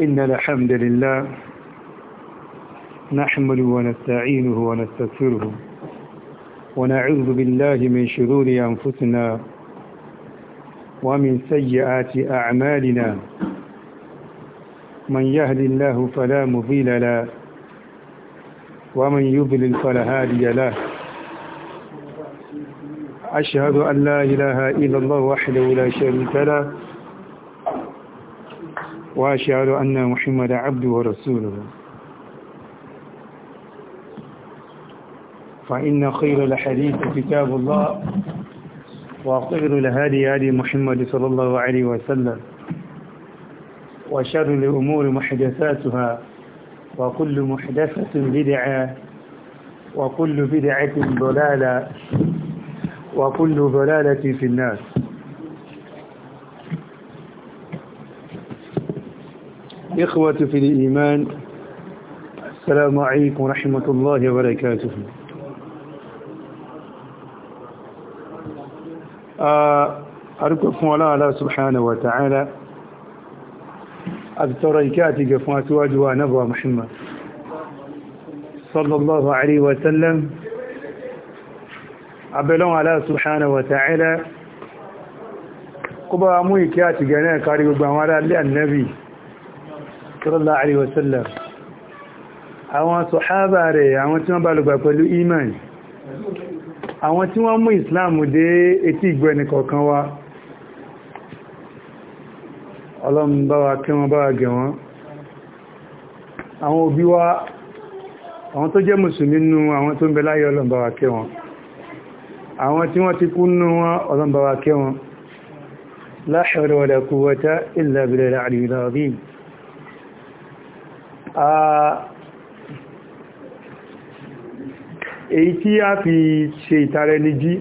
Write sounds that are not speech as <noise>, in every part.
إن الحمد لله نحمل ونستعينه ونستغفره ونعوذ بالله من شرور أنفسنا ومن سيئات أعمالنا من يهد الله فلا مضل له ومن يضلل فلا هادي له أشهد أن لا إله إلا الله وحده لا شريك له وأشهد أن محمدا عبده ورسوله فإن خير الحديث كتاب الله وخير الهادي هدي محمد صلى الله عليه وسلم وشر الأمور محدثاتها وكل محدثة بدعة وكل بدعة ضلالة وكل ضلالة في الناس إخوة في الإيمان السلام عليكم ورحمة الله وبركاته آه، أركف فولا الله سبحانه وتعالى أبتريكاتي قفوات واجوا نبوى محمد صلى الله عليه وسلم أبلون على سبحانه وتعالى قبا أموي كاتي قناة قريب بأمارا لأنبي sallallahu alaihi wasallam àwọn sọ̀hábà rẹ̀ àwọn tí wọ́n bá lùgbà pẹ̀lú iman àwọn tí wọ́n mú islam dé etí ìgbọ́ ẹnìkọ̀ọ̀kan wa ọlọ́run bá wa kí wọ́n bá wa gẹ̀ wọ́n àwọn òbí wa àwọn tó jẹ́ mùsùlùmí nú àwọn tó ń bẹ láyé ọlọ́run bá wa kẹ́ wọn àwọn tí wọ́n ti kú nú wọn ọlọ́run bá kẹ́ wọn la hawla wala quwwata illa billahi al èyí tí a fi ṣe ìtara ẹni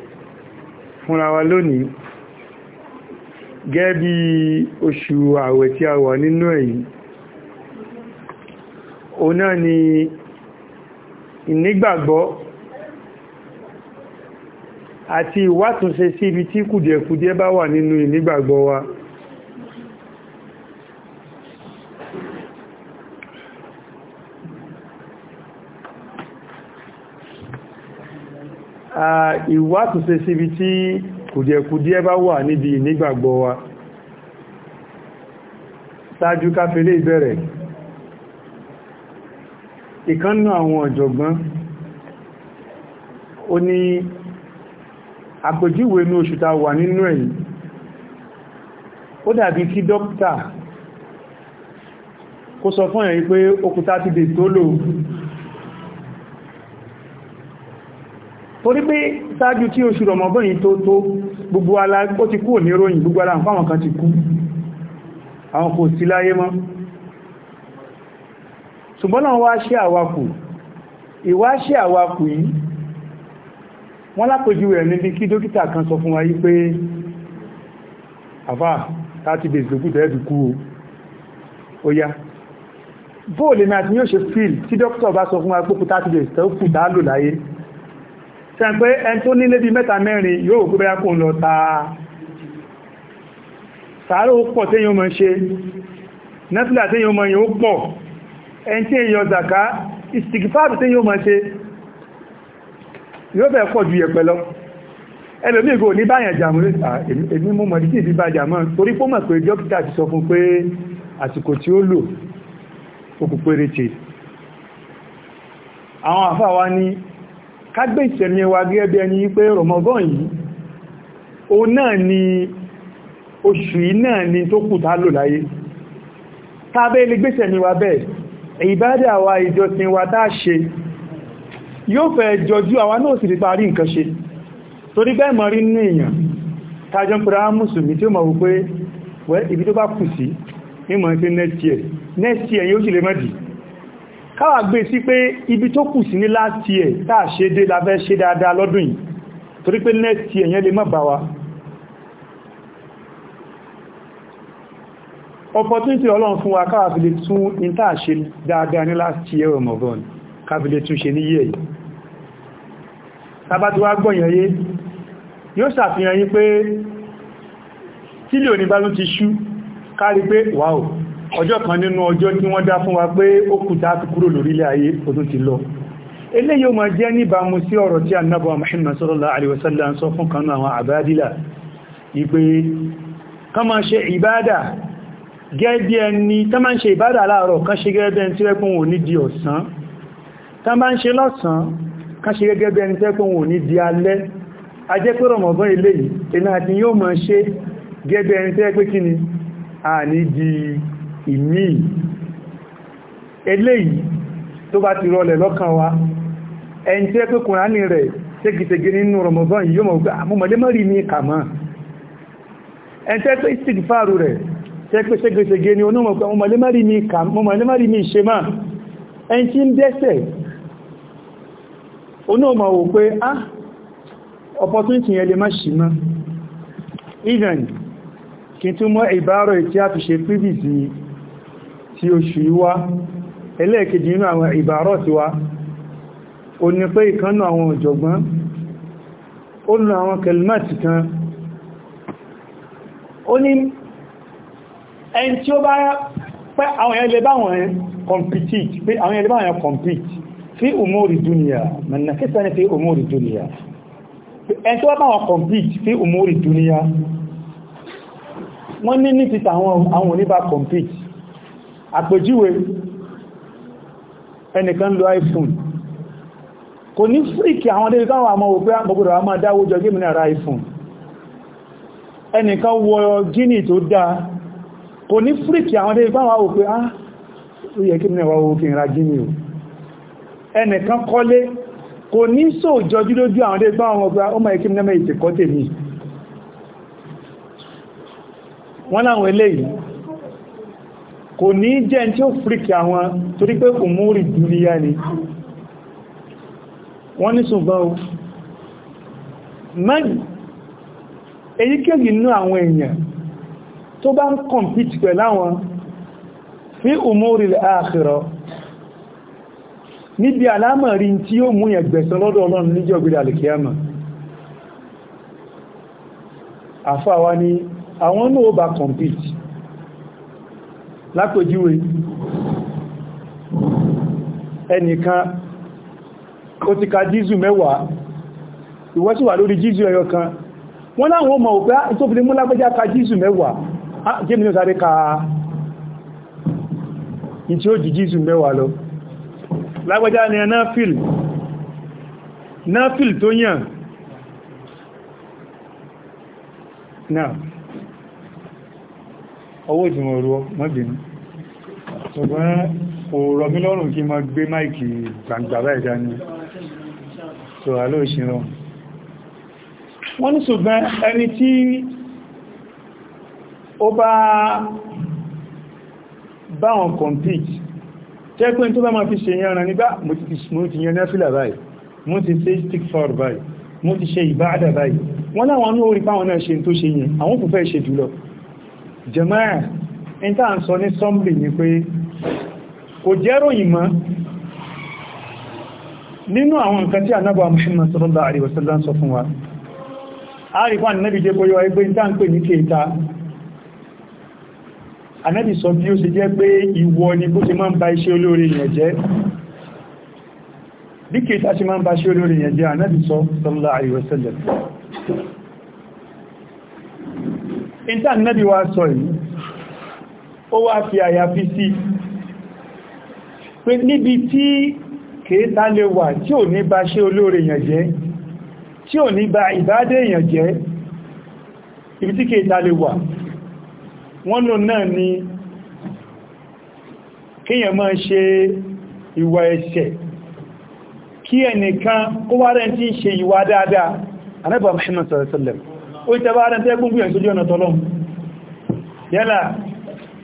fúnra wa lónìí gẹ́bí oṣù àwẹ̀ tí a wà nínú èyí o náà ni ìnígbàgbọ́ àti ìwátúnṣe sí ibi tí kùdìẹ̀kùdìẹ̀ bá wà nínú ìnígbàgbọ́ wa. ìwátúnṣe síbi tí kùdìẹ̀kùdìẹ̀ bá wà níbi ìnígbàgbọ́ wa ṣáájú káfẹ́lẹ́ ìbẹ̀rẹ̀ ìkánnà àwọn ọ̀jọ̀gbọ́n ó ní àpèjúwe ní oṣù ta wà nínú ẹ̀yìn ó dàbí kí dókítà kó sọ fún ẹ̀yìn pé òkúta ti dè tó lò torí pé sáájú tí oṣù rọmọbọ́n tó tó gbogbo ala ó ti kú ní ròyìn gbogbo ala fáwọn kan ti kú àwọn kò sí láyé mọ́ ṣùgbọ́n wá ṣe àwakù ìwá ṣe àwakù yìí wọ́n lápòjú rẹ̀ níbi kí dókítà kan sọ fún wa yí bóòlì náà ti yóò ṣe fíl tí dókítà bá sọ fún wa pé 30 days tẹ́ẹ̀kù lò láyé ṣe pé ẹn tó nílé bí mẹ́ta mẹ́rin yóò kó bẹ́yà kó ń lọ taa sàárò pọ̀ téyàn mọ̀ ṣe nẹ́fìlà téyàn mọ̀ yóò pọ̀ ẹn tí èyàn zàká ìsìkìfáàbù téyàn mọ̀ ṣe yóò bẹ̀ pọ̀ ju yẹ̀pẹ̀ lọ ẹlòmí àwọn àfáà wá ní kágbé ìṣẹ̀mí wa gẹ́gẹ́ bí ẹni pé Ramadan yìí o náà ni oṣù yìí náà ni tó kù tá lò láyé tábẹ́ ilé gbéṣẹ̀mí wa bẹ́ẹ̀ ìbádà wa ìjọsìn wa tá ṣe yóò fẹ́ jọjú àwa náà sì rí parí nǹkan ṣe torí bẹ́ẹ̀ mọ̀ rí nínú èèyàn tàjọ pẹ̀lú àwọn mùsùlùmí tí ó mọ̀ wípé ibi tó bá kù sí mímọ̀ sí next year next year yóò sì lè mọ́ dìí káwà gbé sí pé ibi tó kù sí ní last year tá a ṣe dé la fẹ́ ṣe dáadáa lọ́dún yìí torí pé next year yẹn lè má bá wa opportunity ọlọ́run fún wa káwà fi lè tún ìntà ṣe dáadáa ní last year Ramadan káfi lè tún ṣe ní yẹ́ yìí tàbátí wá gbọ́yàn yé yóò ṣàfihàn yí pé wow ọjọ́ kan nínú ọjọ́ tí wọ́n dá fún wa pé ó kù tá ti kúrò lórílẹ̀ ayé ó tún ti lọ eléyìí ó máa jẹ́ níbàámu sí ọ̀rọ̀ tí annabu Muhammad sallallahu alaihi wasallam sọ fún kanú àwọn àbádìlà ìpé kán máa ṣe ìbádà gẹ́gẹ́ ẹni tán máa ń ṣe ìbádà láàárọ̀ kán ṣe gẹ́gẹ́ ẹni tí wẹ́pọ̀ wò ní di ọ̀sán tán ẹni tí wò ní di alẹ́ a jẹ́ pé rọ̀mọ̀bọ́n eléyìí àti yóò máa ṣe gẹ́gẹ́ ẹni tí wẹ́pẹ́ kíni àní di ìmí eléyìí tó bá ti rọlẹ̀ lọ́kàn wa ẹni tí ẹ pé kùránì rẹ̀ ségesège nínú Ramadan yìí yóò mọ̀ pé àmúmọ̀lé ah, mọ́rí ní kàmọ́ ẹni tí ẹ pé istigfaru rẹ̀ tí ẹ pé ségesège ní onímọ̀ pé àmúmọ̀lé mọ́rí ní ṣe máa ẹni tí ń dẹ́sẹ̀ ah, even kí tún mọ́ ìbárò tí a fi ṣe tí oṣù yíwá ẹlẹ́ẹ̀kejì nínú àwọn ìbárọ̀ tí wá o ní pé ìkánú àwọn ọ̀jọ̀gbọ́n ó nù àwọn kẹlmẹ́tì kan ó ní ẹni tí ó bá pẹ́ àwọn ẹlẹ́ báwọn compete pé àwọn ẹlẹ́ báwọn compete fi umori dunia mẹ́nà kẹta ní fi umori duniya ẹni tí ó báwọn compete fi umori dunia wọ́n ní ní ti tàwọn àwọn oníbà compete àpèjúwe ẹnìkan lo iphone kò ní fíríkì àwọn débi káwọn àmọ́ òpé àpọ̀gbọ̀dọ̀ ah, a máa dáwó jọ gẹ́mìnà ara iphone ẹnìkan wọ gíní tó dáa kò ní fíríkì àwọn débi káwọn òpé á ah, ó yẹ kí mìíràn wọ́wọ́ kí n ra gíní o ẹnìkan kọ́lé kò ní sọ jọjú lójú àwọn débi káwọn ọgbà ah, ó máa yẹ kí kò ní jẹ́ tí ó fríkì àwọn torí pé kò múrì dúníyà ni wọ́n ní ṣùgbọ́n o mẹ́rin èyíkéyìí inú àwọn èèyàn tó bá ń kọ̀mpítì pẹ̀lú àwọn fi umuri al-akhirah níbi alámọ̀rí tí ó mú ẹgbẹ̀sán lọ́dọ̀ ọlọ́run níjọ́ gbìdà alìkíyàmà àfáà wá ní àwọn náà ó bá kọ̀mpítì lápòjúwe ẹnìkan ó ti ka jízù mẹ́wàá ìwọ sì wà lórí jízù ẹyọ kan wọ́n láwọn ọmọ òpá ah, tó fi lè mú lápẹ́já ka jízù mẹ́wàá ah, jẹ́ mìíràn sáré ka ní tí ó jù jízù mẹ́wàá lọ lápẹ́já ni ẹ náfìl náfìl tó yàn náà ọwọ́ ìdìmọ̀ òru mọ́bìnrin ṣùgbọ́n kò rọ mí lọ́rùn kí ma gbé máìkì gbàǹgbà báyìí dání so àlọ́ ìṣìnà wọ́n ní ṣùgbọ́n ẹni tí ó bá báwọn compete tẹ́ pé tó bá ma fi ṣe yẹn ran nígbà mo ti yẹn nẹ́fìlà báyìí mo ti ṣe stick for báyìí mo ti ṣe ìbáadà báyìí wọ́n láwọn ẹ̀ ń ń sọ ní sọ́mbì ní pé kò jẹ́ròyìn mọ́ nínú àwọn nǹkan tí ànábà Muhammad sallallahu alaihi wasallam sọ fún wa àríkọ́ ànábì jẹ́ bóyọ ẹgbẹ́ ìta ń ní kéta ànábì sọ bí ó ṣe jẹ́ pé ìwọ ni bó ṣe máa ń ba iṣẹ́ olóore yẹn jẹ́ bí kéta ṣe máa ń ba iṣẹ́ olóore yẹn jẹ́ ànábì sọ sallallahu alaihi wasallam wa sọ yìí ó wá fi àyàfi sí pé níbi tí kèéta lè wà tí ò ní bá ṣe olóore èèyàn jẹ́ tí ò ní bá ìbádé èèyàn jẹ́ ibi tí kèéta lè wà wọ́n lò náà ni kíyàn máa ṣe ìwà ẹ̀ṣẹ̀ kí ẹnìkan kó wá rẹ̀ tí ń ṣe ìwà dáadáa anábà Muhammad sallallahu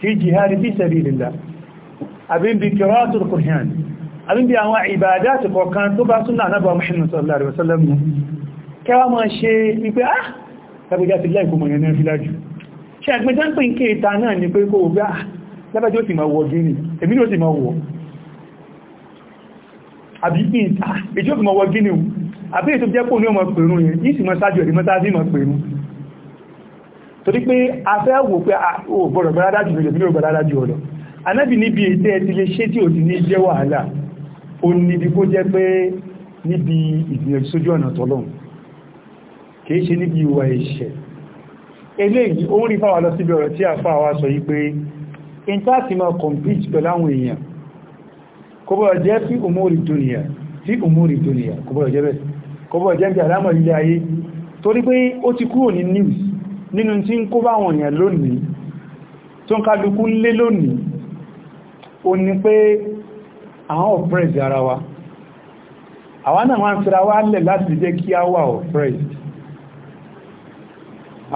alaihi wasallam àbí bí qira'atul Qur'an àbí bí àwọn ìbàdá ti kọ̀kan tó bá súnà anábà Muhammad sallallahu alaihi wasallam kẹwa máa ṣe wípé ah lábẹ́já ti láìkó mọ̀ yẹn fi lájú ṣe àgbẹ́já ń pè ń kéèta náà ni pé kó o gbá ah, lábẹ́já ó sì máa wọ gíní èmi ló sì máa wọ àbí ìjọ́ sì máa wọ gíní àbí ètò jẹ́ kó ní ọmọ pèrún yẹn yìí sì máa sájú ẹ̀rí mọ́ta sí máa pèrún torí pé a wò pé ah, o gbọ́dọ̀ gbọ́dọ̀ dájú anábì níbi ètè ẹ̀tí lè ṣe tí ò ti ní jẹ́ wàhálà ó níbi kó jẹ́ pé níbi ìgbìyànjú sójú ọ̀nà tọ́lọ́run kìí ṣe níbi ìwà ẹ̀ṣẹ̀ eléyìí ó fáwà lọ síbi ọ̀rọ̀ tí àfáà wa sọ yìí pé intanti máa compete pẹ̀lú àwọn èèyàn umuri dunia fi umuri dunia kò bọ́ jẹ́ bẹ́ẹ̀ kò bọ́ jẹ́ bí àlámọ̀ ilé news nínú tí ń kó báwọn èèyàn lónìí tó ń kálukú lé lónìí ó ní pé àwọn ọ̀pẹ́rẹ̀sì ara wa àwọn náà wọ́n fẹ́ra wá lẹ̀ láti jẹ́ kí á wà ọ̀pẹ́rẹ̀sì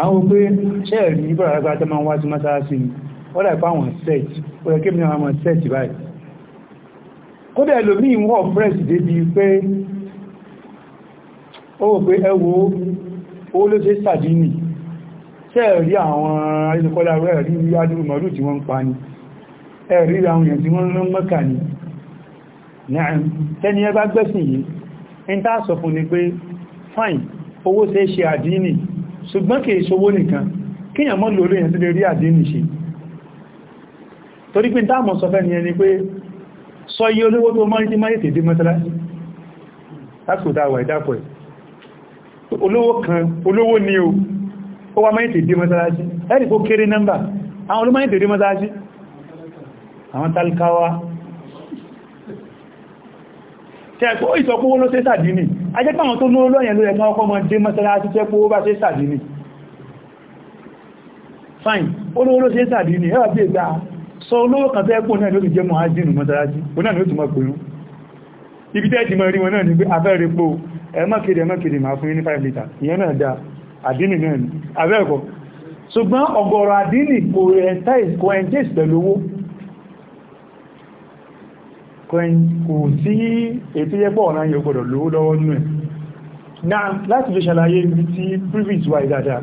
àwọn pé ṣẹ́ẹ̀rí níbọ̀ àgbà tó máa ń wá ni ó dà pé àwọn set ó yẹ kébìnrin àwọn set báyìí kódà ẹlòmíì wọ́n ọ̀pẹ́rẹ̀sì débi pé ó wò pé ẹwọ́ ó ló ṣe sàdínì ṣẹ́ẹ̀rí àwọn ayélujára rẹ̀ rí adúrú mọ̀lú tí wọ́n ẹ̀rí àwọn èèyàn tí wọ́n rán mọ́kà ní tẹ́ni ẹgbá gbẹ́sìn yìí ń tàà sọ fún ni pé fine owó ṣe ṣe àdínì ṣùgbọ́n kìí ṣowó nìkan kíyàn mọ́ lórí èèyàn tó lè rí àdínì ṣe torí pé táàmù sọ fẹ́ ni ẹni pé sọ iye olówó tó mọ́ ní máyé tèdé mọ́sálásí lásìkò dáwà ìdápọ̀ ẹ̀ olówó kan olówó ni o ó wá àwọn tálíkáwá tẹ́ẹ̀kọ́ ìtọ́kówó ló ṣe sàdínì ajẹ́pẹ́ àwọn tó lówó lọ́yẹ̀ ló yẹ kán ọkọ́ mọ́ dé mọ́sálásí tẹ́kọ́ ó bá ṣe sàdínì fine olówó ló ṣe sàdínì ẹwà bí ìgbà sọ olówó kan tẹ́ẹ̀kọ́ náà ló fi jẹ́ mọ́ ájínù mọ́sálásí ó náà ló ti mọ́ pẹ̀lú ibi tẹ́ẹ̀ ti mọ́ rí wọn náà ni pé afẹ́rẹ́ po ẹmọ́kèrè ẹmọ́kèrè máa fún ní 5 litre ìyẹn náà dá àdínì náà ni abẹ́ẹ̀kọ́ ṣùgbọ́n ọ̀gọ̀rọ̀ àdínì kò ẹ̀ntẹ́ìs pẹ̀lú owó kò sí ètí yẹ́pọ̀ ọ̀nà yóò gbọ́dọ̀ lówó lọ́wọ́ nínú ẹ̀ náà láti lè ṣàlàyé ibi tí privilege wà ìdáadáa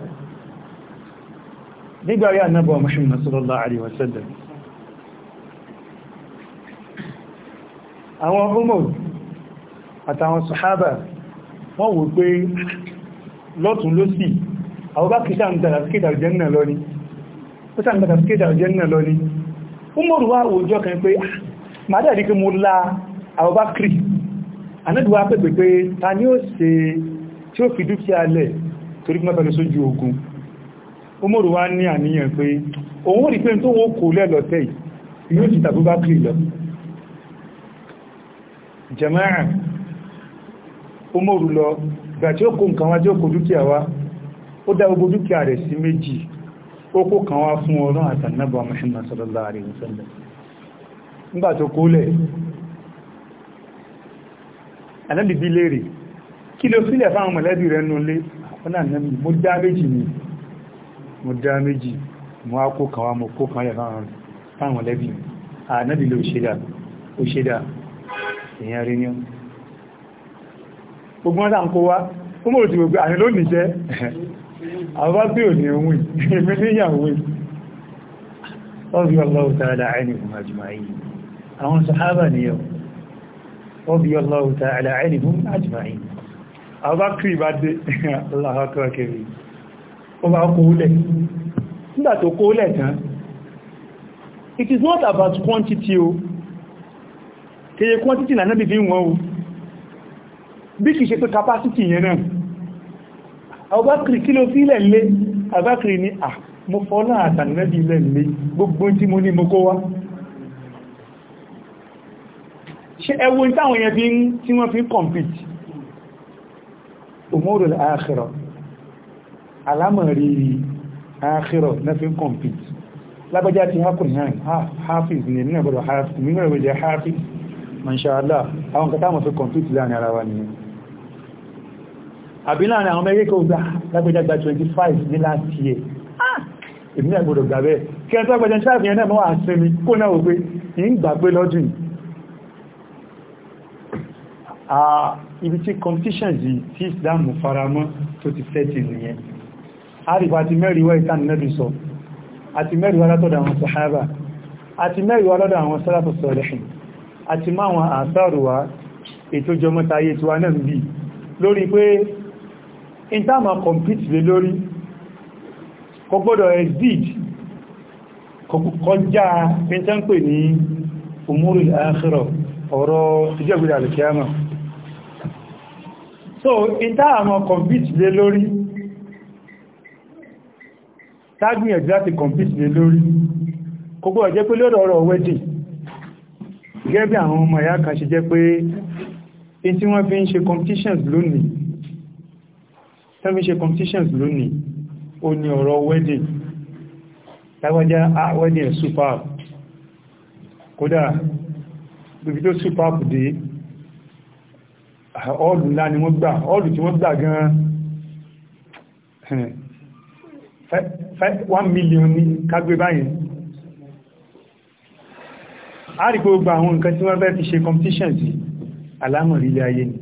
nígbàrí ànábọ̀ Muhammad sallallahu alaihi wasallam àwọn ọmọ àtàwọn sàhábà wọ́n wò pé lọ́tún ló sì àwọn bá kìí sáàmùtàrà síkèdà jẹ́ náà lọ ni ó sáàmùtàrà síkèdà jẹ́ náà lọ ni ó mọ̀rùwá àwòjọ́ kan pé ah máa dẹ̀ rí kí mo la Abubakar anẹ́dùwà pẹ̀pẹ̀ pé ta ni ó ṣe tí ó fi dúkìá lẹ̀ torí pé mẹ́fẹ́ lọ sójú ogun Umaru wá ní àníyàn pé òun rí pé tó wọ́n kò lẹ́ yìí yóò ti tàbí lọ jama'a Umaru lọ gbà tí ó kó nǹkan wá tí ó kó dúkìá wá ó dá gbogbo dúkìá rẹ̀ sí nígbà tó kólẹ̀ ànábì bí léèrè kí ló sílẹ̀ fáwọn mọ̀lẹ́bí rẹ̀ nù lé ọ̀nà ànábì mo dá méjì ni mo dá méjì mo á kó kan wá mo kó kan lẹ̀ fáwọn mọ̀lẹ́bí ànábì ló ṣe dà ó ṣe dà èèyàn rí ní ọ gbogbo ọ̀dá ń kó wá ó mọ̀ òtù gbogbo àyìn lónìí jẹ́ àwọn bá bí òní ohun ìmẹ́lẹ́yàwó ọ̀bí àwọn sàhábà nìyẹn radiyallahu ta'ala anhum ajma'in àbákìrì bá dé aláhàkọ́kẹ́rì ó bá kóólẹ̀ nígbà tó kóólẹ̀ tán it is not about quantity o kèye quantity na náà bí wọn o bí kìí capacity yẹn náà àbákìrì kí ló fílẹ̀ lé ni à ah, mo fọ́lá gbogbo tí mo ní mo kó ṣe ẹwọ ìtàwọn yẹn fi ń tí wọ́n fi ń compete òmòrò àkìrọ̀ alámọ̀rí àkìrọ̀ náà fi ń compete lágbàjá ti hákùnrin ah, hafiz ní ẹ̀mí ẹ̀bọ̀rọ̀ hafiz ní ẹ̀bọ̀rọ̀ jẹ́ hafiz mọ̀ṣàlá àwọn kẹta mọ̀ fi compete láàrin ara wa nìyẹn àbí 25 ní last year ìbílẹ̀ ah, gbọdọ̀ gbà bẹ́ẹ̀ kí ẹ tó gbàjá 25 yẹn náà mọ́ àṣẹ mi kó náà wò pé ìgbà pé lọ́dún a ibi tí competitions yìí tí Islam faramọ́ tó ti sẹ́tì nìyẹn àríwá àti mẹ́rìnwá ìtànìlẹ́bì sọ àti mẹ́rìnwá látọ̀dọ̀ àwọn sahaba àti mẹ́rìnwá lọ́dọ̀ àwọn salafu salihin àti máwọn àsáàrùwá ètò jọmọ́ta ayé tí wá náà bí lórí pé ìtàmà compete lé lórí kò gbọ́dọ̀ exceed kọjá pẹ́ntẹ́ ń pè ní umurul akhirah ọ̀rọ̀ ìjẹ́gbẹ̀rẹ̀ alìkíyàmà so ìta àmọ́ compete lé lórí tágbìyànjú láti compete lé lórí kókó ọ̀jẹ́ pé lórí ọ̀rọ̀ wedding gẹ́gẹ́ bí àwọn ọmọ ìyá kan ṣe jẹ́ pé in tí wọ́n fi ń ṣe competitions lónìí tí wọ́n fi ń ṣe competitions lónìí O ní ọ̀rọ̀ wedding a wedding super kódà ibi tó super dé ọ́ọ̀lù ńlá ni wọ́n gbà ọ́ọ̀lù tí wọ́n gbà gan one million ní kágbé báyìí a rí pé gbogbo àwọn nǹkan tí wọ́n fẹ́ fi ṣe competition sí alámọ̀rí ilé ayé ni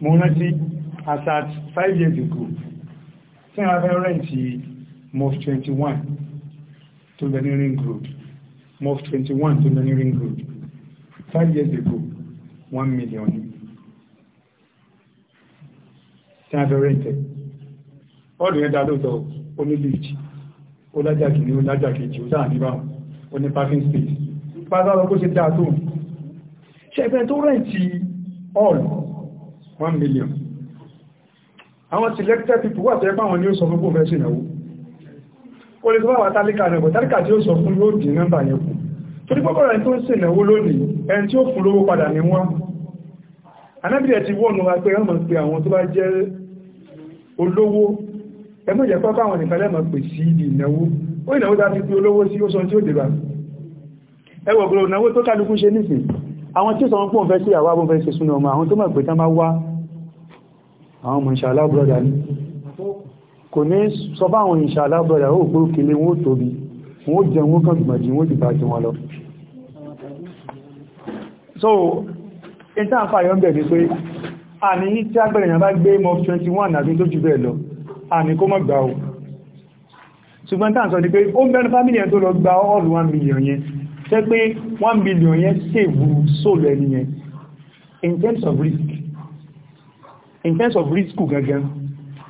mo rántí as at five years ago tí wọ́n fẹ́ rẹ̀ǹtì mof 21 tó bẹ̀ ní ring road mof 21 tó bẹ̀ ní ring road five years ago one million ní All a fẹ́ rẹ̀ǹtẹ̀ ọ́ọ̀lù yẹn dá lóòtọ́ ó ní lift ó lájà kìíní ó lájà kejì ó dáà níbàwọ̀n ó ní parking space pátá lọ kó ṣe dáa tó ṣẹ́fẹ́ tó rẹ̀ǹtì all one million àwọn selected people wà tẹ́ẹ̀bá wọn ni ó sọ fún gbogbo ẹ̀sìn ìnáwó kò lè sọ́wọ́ àtàlíkà náà tàlíkà tí ó sọ fún yóò dì nọ́mbà yẹn kù torí pọ́pọ̀ rẹ̀ tó ń ṣe lónìí ẹni tí ó fún lówó padà ní wọ́n anábìrẹ̀ ti wọ́n nù agbẹ́ ọmọ pé àwọn tó bá jẹ́ olówó ẹmọ́ ìjẹ́ pọ́pọ́ àwọn nìkan lẹ́mọ̀ pè sí ibi ìnáwó ó ìnáwó tàbí pé olówó sí ó sọ tí ó dèbà ẹwọ̀ gbọ́rọ̀ ìnáwó tó kálukú ṣe nìsìn àwọn tí sọmọ́ pọ́n fẹ́ sí àwọn abúnfẹ́ inshallah brother ní kò ní sọ inshallah brother ó pé òkèlé wọn ó tóbi wọn ó jẹun ó kàn gbìmọ̀jì wọn in tá ń fa àyọ́ ń bẹ̀ ní pé a ní tí agbẹ̀rẹ̀ yàn bá gbé mọ́ 21 àti tó jù bẹ́ẹ̀ lọ a ní kó mọ́ gbà ó ṣùgbọ́n tá ń sọ ní pé ó ń bẹ́nu fámílì yẹn tó lọ gba all 1 million yẹn tẹ́ pé 1 million yẹn sèwú sóòlù ẹni yẹn in terms of risk in terms of risk gangan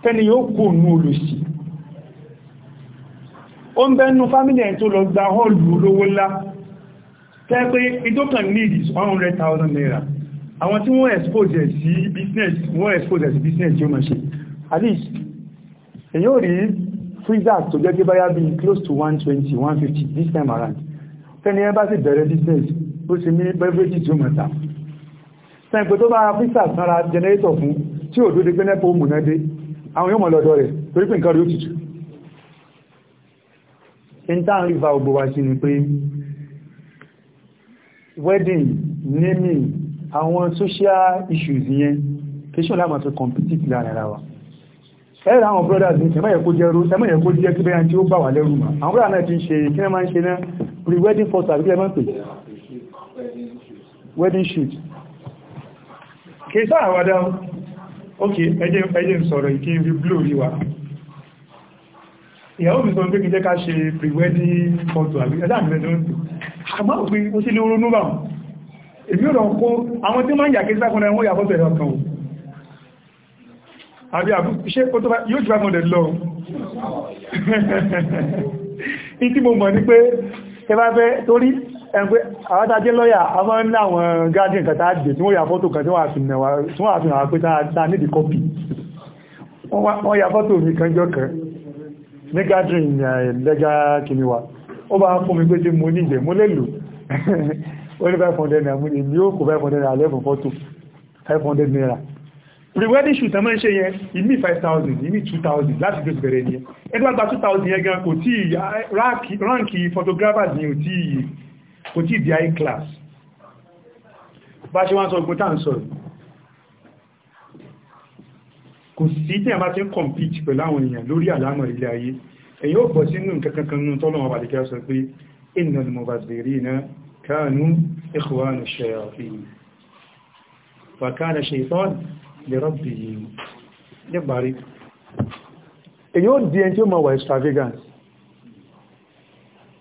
tẹ́ni yóò kó nú olùsí ó ń bẹ́nu fámílì yẹn tó lọ gba all olówó ńlá tẹ́ pé ìdókàn need is 100,000 naira àwọn tí wọ́n expose ẹ̀ sí business wọ́n expose ẹ̀ sí business tí ó máa ṣe at least èyí ò rí freezer tó jẹ́ pé báyá bí close to 120 150 this time around fẹ́ni ẹ bá sì bẹ̀rẹ̀ business ó sì ní beverage tí ó máa ta sẹ́ǹpẹ̀ tó bá ra freezer sanra generator fún tí ò dúdú pé nẹ́pọ̀ òmùnà dé àwọn yóò mọ̀ lọ́dọ̀ rẹ̀ torí pé nǹkan rí ó tutù intern river ogbo wa ni pé wedding naming àwọn social issues yẹn tẹ́ṣọ́ láàmà tó competitive lára wa ẹ̀rọ àwọn brothers ní ẹmọ́ ẹ̀kọ́ jẹ́ ẹmọ́ ẹ̀kọ́ jẹ́ kí bẹ́yàn tí ó bà wà lẹ́rù mà àwọn brothers náà ti ń ṣe kí ẹ máa ń ṣe náà pre-wedding photo àbí ẹmọ́ pè wedding shoot kì í sáà wádá ok ẹjẹ́ ẹjẹ́ sọ̀rọ̀ ìkí ibi blue rí wa ìyàwó mi sọ pé kí jẹ́ ká ṣe pre-wedding photo àbí ẹ̀dá àmì èmi ò lọ kó àwọn tí máa ń yà kí sáfún ẹwọ́n yà fọ́sẹ̀ ọkàn o àbí àbúṣe kó tó bá yóò jùlọ mọ̀dẹ̀ lọ ìtí mo mọ̀ ní pé ẹbáfẹ́ torí ẹgbẹ́ àwátájẹ́ lọ́yà a máa ń láwọn guardian kàtà àjẹ́ tí wọ́n yà fọ́tò kan tí wọ́n àfihàn àwọn pé tàà níbi kọ́pì wọ́n yà fọ́tò mi kan jọ kan ní guardian eh, lẹ́gá <laughs> ó ní 500 naira mú èmi ó kò 500 naira lẹ́fún fọ́tò 500 naira pre-wedding shoot ẹmọ́ ṣe yẹn ìmí 5000 ìmí 2000 láti gbé bẹ̀rẹ̀ ni ẹni wọ́n gba 2000 yẹn kò tí ah, ránkì photographers ni kò tí di high class bá ṣe wọ́n sọ gbọ́n tá ń sọ̀rọ̀ kò sí tí a bá ti ń compete pẹ̀lú àwọn èèyàn lórí àlámọ̀ ilé ayé èyí ó bọ̀ sínú nǹkan kankan nínú tọ́lọ́wọ́ bàdìkẹ́ sọ pé ènìyàn ni mo bá bèèrè náà كانوا إخوان الشياطين فكان الشيطان لربه يبارك èyí ó di ẹni tí ó máa wà extravagant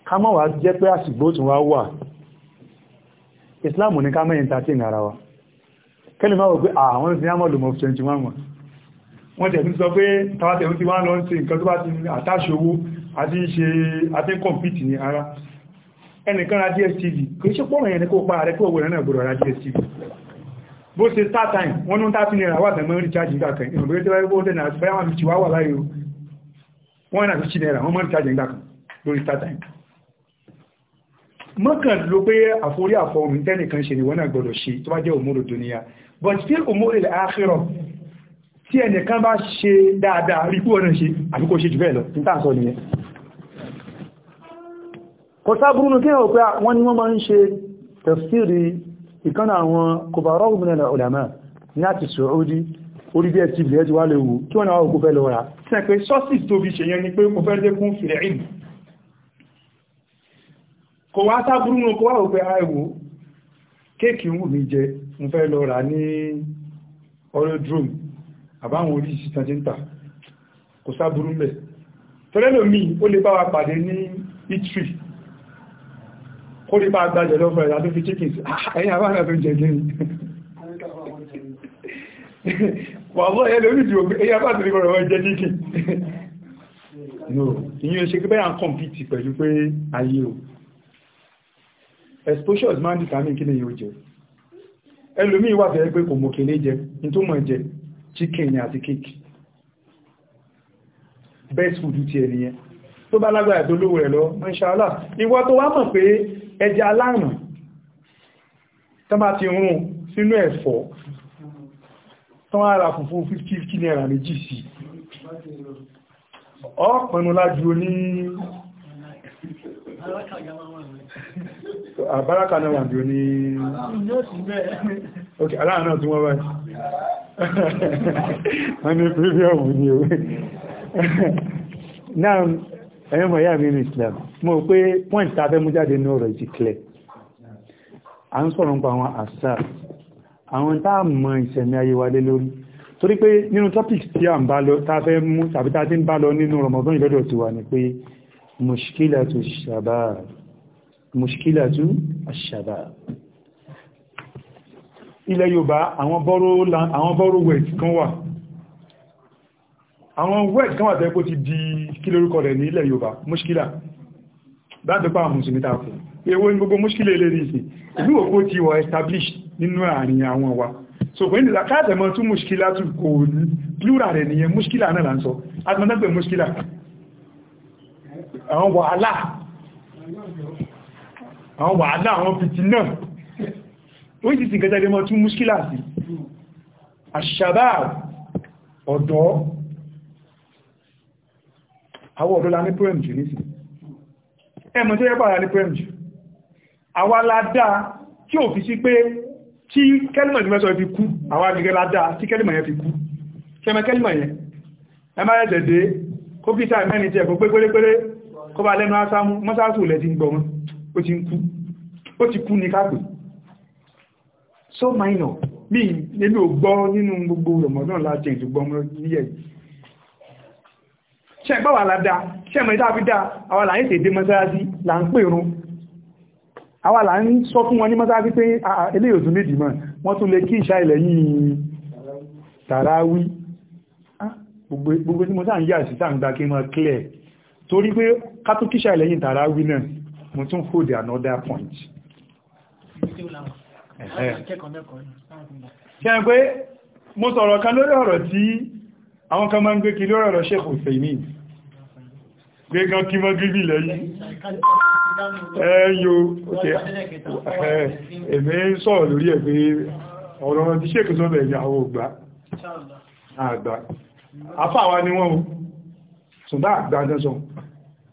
ká máa wà jẹ́ pé àsìgbó tún wá wà Islam ní ká mẹ́yìn tàtí ìnara wa kẹ́lì máa wò pé ah, àwọn ìsìn àmọ́lù mọ́ 21 wọn wọ́n tẹ̀ tún sọ pé tàwátẹ̀ 21 lọ́n sí nǹkan tó bá ti àtàṣòwò àti ń ṣe àti kọ̀mpìtì ní ara ẹnìkan ra dstv kìí ṣe pọ́rọ̀ yẹn ní kó pa rẹ̀ kó wẹ̀rẹ̀ náà gbọ́dọ̀ ra dstv bó ṣe start time wọ́n ní tàbí nira wà tẹ̀mọ́ recharge ìgbà kan ìrìnbó tí wáyé bóódé náà fẹ́ wọn fi wá wà wọ́n náà fi wọ́n mọ́ recharge start time mọ́kàn ló pé àforí àfọ̀hùn tẹ́nìkan ṣe ni wọ́n náà gbọ́dọ̀ ṣe tó but still òmòrò ilẹ̀ àkírọ̀ tí ẹnìkan bá ṣe dáadáa rí pé wọ́n náà ṣe àbíkó ṣe jù ní tàà kò sáàbùrú ní kíyàn òpé wọ́n ni wọ́n máa ń ṣe tafsiri ìkánà àwọn kòbàrọ̀ òmìnira ulama ní àti Saudi orí bí ẹ̀tì ilẹ̀ ti wá lè wù kí wọ́n náà kò ni pé kò fẹ́ lékún fìlẹ̀ ìm kò wá sáàbùrú ní kò wá òpé àìwò kéèkì ń wù mí jẹ mo fẹ́ lọ rà ní ọlọ́dúnrún àbáwọn orí ìsìtàn lè bá wa pàdé ní itri kó rí bá gbájẹ̀ lọ́fẹ́ ìyá tó fi chickens ẹ̀yìn àbára tó jẹ gẹ́rin wàbọ́ ẹ̀lẹ́ orídìí ògbé ẹ̀yà bá tó rí bọ̀rọ̀ wọ́n jẹ chicken no ìyẹn ṣe gbẹ́yà ń kọ̀mpìtì pẹ̀lú pé ayé o exposure máa ń determine kí ni yóò jẹ ẹlòmíì wà fẹ́ pé kò mọ̀kèlé jẹ jẹ best food ti ẹ̀ nìyẹn tó bá lágbàá tó lówó rẹ̀ lọ mọ́ inshallah ìwọ tó wá mọ̀ pé ẹja alárùn tán bá ti rún sínú ẹ̀fọ́ tán ara fùfú 50 naira méjì sí ọ̀pẹ̀nu lájú ní àbáraka náà wà ní ok aláàrùn náà tí wọ́n wáyé wọ́n ni pírífíọ̀mù ní o náà ẹ̀yìn mọ̀ yà nínú Islam mo pé point tàbẹ́ mú jáde ní ọ̀rọ̀ ìjì clear a ń sọ̀rọ̀ nípa àwọn àṣà àwọn tá a mọ ìṣẹ̀mí ayé wa lé lórí torí pé nínú topics tí a ń bá lọ tá a fẹ́ mú tàbí àwọn west kan wà tẹ́ kó ti di kí lórúkọ rẹ̀ ní ilẹ̀ Yorùbá muskila láti pa àwọn musulmi tààkù ewé ní gbogbo muskila ilé nìsì ìlú òkú ti wọ established nínú àárín àwọn wa so kò nílá káàtẹ̀mọ́ tún muskila tún kò ní plural rẹ̀ nìyẹn muskila náà là ń sọ atmọ́tẹ́gbẹ̀ muskila àwọn wàhálà àwọn àwọn ọ̀dọ́ la ní pm jù ní sí ẹmọ tó yẹ pàdà ní pm jù àwa la dá kí ò fi sí pé tí kẹ́lìmọ̀ ti mẹ́sọ fi kú àwa gẹ́gẹ́ la dá tí kẹ́lìmọ̀ yẹn fi kú ṣẹmẹ kẹ́lìmọ̀ yẹn ẹ má yẹ̀tẹ̀ dé kó fi sáà mẹ́rin tiẹ̀ kó pé pérépéré kó bá lẹ́nu ásámú mọ́sáàsù ṣe ẹgbẹ́ wà ládá ṣe mọ̀ ìta fi dá àwa là ń tètè mọ́sálásí là ń pè rún àwa là ń sọ fún wọn ní mọ́sálásí pé ilé ah, ah, òtún méjì mọ́ wọ́n tún lè kí ìṣá ilẹ̀ yìí tàràwí ah, gbogbo tí mo sáà ń yà sí sáà ń gba kí wọ́n clear àwọn kan máa ń gbé kí lórí ọ̀rọ̀ Sheikh Uthaymeen gbé gan kí mọ́ gírí lẹ́yìn ẹ̀yọ ẹ̀mẹ́ sọ̀rọ̀ lórí ẹ̀ pé ọ̀rọ̀ ọ̀rọ̀ tí Sheikh tó bẹ̀rẹ̀ àwọn ògbà àgbà afáwa ni wọ́n ṣùgbà àgbà dẹ́sọ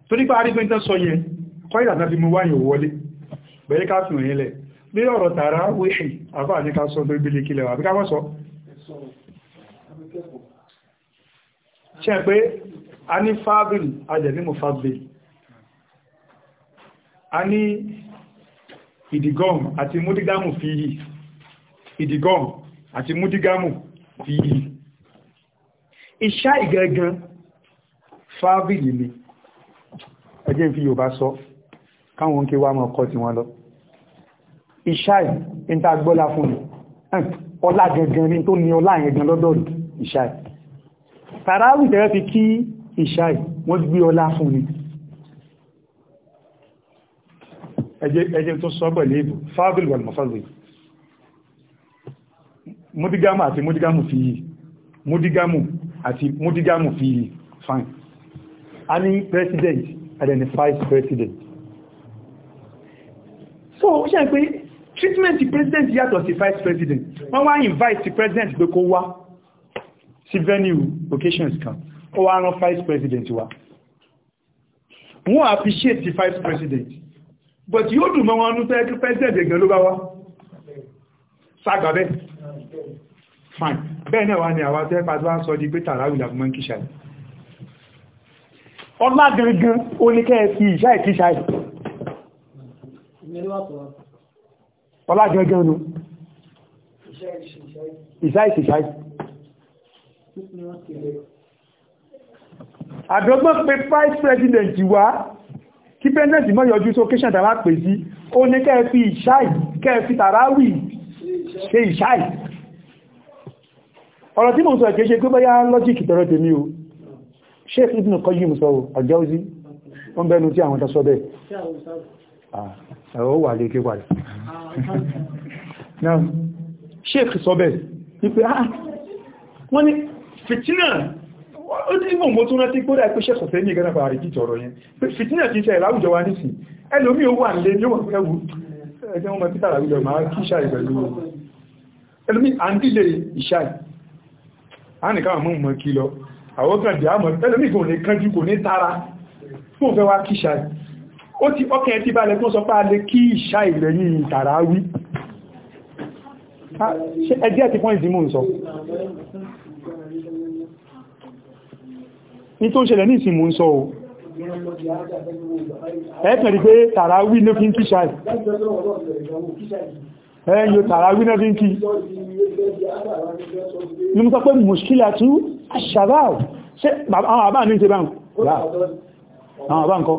tó nípa arígbé tẹ́ sọ yẹn kọ́ ìlànà fi mú wáyìn wọlé bẹ̀rẹ̀ ká fi rìn ilẹ̀ bí ọ̀rọ̀ tààrà wíṣì àfáà ní ká sọ tó gbélé kílẹ̀ wà bí ká mọ́ sọ ṣe pé a ní fábìl ajẹ̀ní mọ̀ fábìl a ní ìdìgọ́m àti múdígámù fi yìí ìdìgọ́m àti múdígámù fi yìí ìṣá ìgẹ́gan fábìl ni ẹjẹ́ fi yóò bá sọ káwọn kí wá mọ̀ kọ́ ti wọn lọ ìṣá tàràwì tẹ́rẹ́ fi kí ìṣáì wọ́n gbé ọlá fún ni ẹjẹ́ tó sọ́bọ̀ léèbù fábíl wal mafazil múdígámù àti múdígámù fi yìí múdígámù àti múdígámù fi yìí fine a ní president identifies president so ó ṣe pé treatment president yàtọ̀ sí vice president wọ́n wá invite president pé kó wá sí venue occasions kan ó wá rán vice president wa wọ́n appreciate the vice president but yóò dùn mọ́ wọn ní tẹ́ẹ̀kì president ẹ̀gẹ́ ló bá wá ságbàbẹ́ fine bẹ́ẹ̀ náà wá ní àwọn tẹ́ẹ̀kì àti wọ́n sọ di pé tààrà ìlà fún mọ́kíṣà ọlá gangan ó ní kẹ́ẹ̀kì ìṣá ìkíṣà ọlá gangan nu ìṣá ìkíṣà àdọ́gbọ́n pé vice president wá kí president mọ́ yọjú tó kéṣàn tàbá pè sí ó ní kẹ́ẹ̀fì ìṣáì kẹ́ẹ̀fì tàráwì ṣe ìṣáì ọ̀rọ̀ tí mo sọ ẹ̀kẹ́ ṣe pé bọ́yá lọ́jíkì tọ́rọ tèmi o ṣe ìdínà kọ́ yìí sọ àjọ́sí wọ́n bẹ́nu tí àwọn tọ́sọ́ bẹ́ẹ̀ ẹ̀rọ wà lè ké wàlẹ̀ ṣe ìsọ́bẹ̀ wípé ah, wọ́n ni fìtínà ó tí mò mọ́ tó rántí kó dáa pé ṣẹ́kọ̀ fẹ́ ní ìgẹ́nà bàárì jíjọ ọ̀rọ̀ yẹn pé fìtínà ti ṣe ìlàwùjọ wa nísìn ẹlòmí ó wà nílé yóò wọ́n fẹ́ wù ẹgbẹ́ wọn mọ̀tí tààrà wílọ̀ máa kí ṣáì pẹ̀lú ẹlòmí à ń dìlé ìṣáì á nìkan àmọ́ mọ̀ kí lọ àwọn kan dì àmọ́ ẹlòmí kò ní kánjú kò ní tara fún fẹ́ wá kí ṣáì ó ti ọkàn ẹ ti balẹ̀ tó sọ pé a lè kí ìṣáì lẹ́yìn tààrà wí ẹjẹ́ ti pọ́n ìdímọ̀ ní tó ṣẹlẹ̀ ní ìsìn mú ń sọ o ẹ̀ẹ́kẹ̀rí pé tàràwí ní fi ń kí ṣáì ẹ̀yìn tàràwí ní fi ń kí ní mú sọ pé mùsùkílà tí àṣàbáà ṣe àwọn àbá ní ṣe bá àwọn àbá nǹkan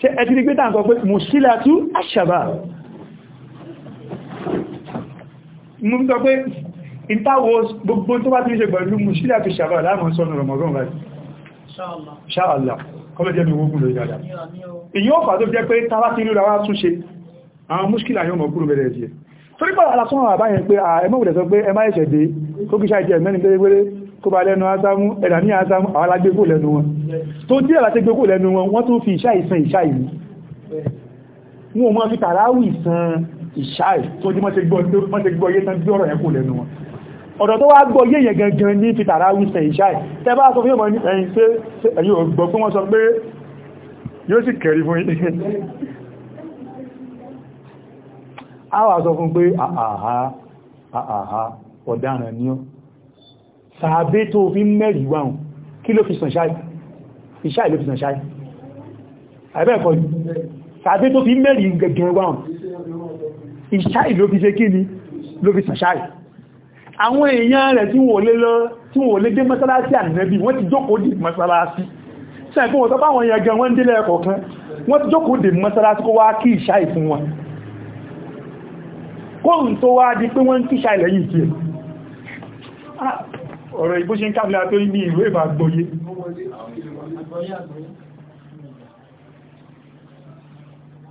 ṣe ẹ̀tìrí pé tàǹkan pé mùsùkílà tí àṣàbáà mú sọ pé ìtawọ̀ gbogbo tó bá ti ṣe pẹ̀lú mú sílẹ̀ àti ṣàbà láàmù sọ́nà rọmọgán rẹ̀ ṣáàlá kọlọ́jẹ́ mi wógún lórí dáadáa èyí ó fà tó jẹ́ pé tàbá ti rí rawa túnṣe àwọn múṣkìlà yóò mọ̀ kúrò bẹ̀rẹ̀ díẹ̀ torí pàdà lásán àwọn àbáyẹn pé ẹmọ́wùdẹ̀ sọ pé ẹ má ẹ̀ṣẹ̀ dé kó kí ṣáìtì ẹ̀mẹ́ni pérépéré kó bá lẹ́nu ásámú ẹ̀dà ní ásámú àwọn alágbégbò lẹ́nu wọn tó díẹ̀ láti gbégbò lẹ́nu wọn wọ́n tún fi ìṣá ìsan ìṣá ìlú ní o mọ́ fi tàráwì san ìṣáì tó jí mọ́ ti gbọ́ yé tán bí ọ̀rọ̀ yẹn kò lẹ́nu wọn ọ̀dọ̀ tó wá gbọ́ yé yẹn gangan ní fi tàráwì san ìṣáì tẹ́ bá sọ fún ìmọ̀ ẹ̀yìn pé ẹ̀yìn ògbọ́ pé wọ́n sọ pé yóò sì kẹ̀rí fún yín a wà sọ fún pé àhà ah, àhà ah, ah, ọ̀daràn ni ọ́ sàábé tó fi mẹ́rìí wáhùn kí ló fi sàn ṣáì ìṣáì ló fi sàn ṣáì àìbẹ́ẹ̀kọ́ yìí sàbé tó fi mẹ́rì gẹ̀gẹ̀ wà ìṣáì ló fi ṣe kí ni ló fi sàṣáì àwọn èèyàn rẹ̀ tí wọ́n lé lọ tí wọ́n lé dé mọ́sálásí ànẹ́bí wọ́n ti jókòó dì mọ́sálásí sẹ́ẹ̀kún wọ́n tọ́pá àwọn èèyàn gan wọ́n délẹ̀ kọ̀ọ̀kan wọ́n ti jókòó dì mọ́sálásí kó wá kí ìṣáì fún wọn kóhùn tó wá di pé wọ́n kíṣà ilẹ̀ yìí tí ẹ̀ ah, ọ̀rọ̀ ìbó ṣe ń káàkiri àtó ní ìlú ìbàgbòye